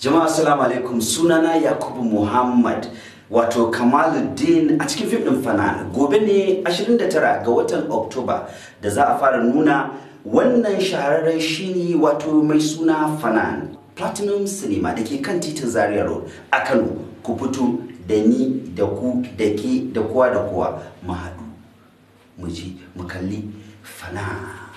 jama'a assalamu alaikum sunana yakubu muhammad wato kamaluddin a cikin fim din fanan gobe ne 29 ga watan oktoba da za a fara nuna wannan shahararren shiri wato mai suna fanan platinum cinema da ke kan titin zaria road a kano ku fito da ni da ku da ke da kowa da kowa mu haɗu mu ji mu kalli fanan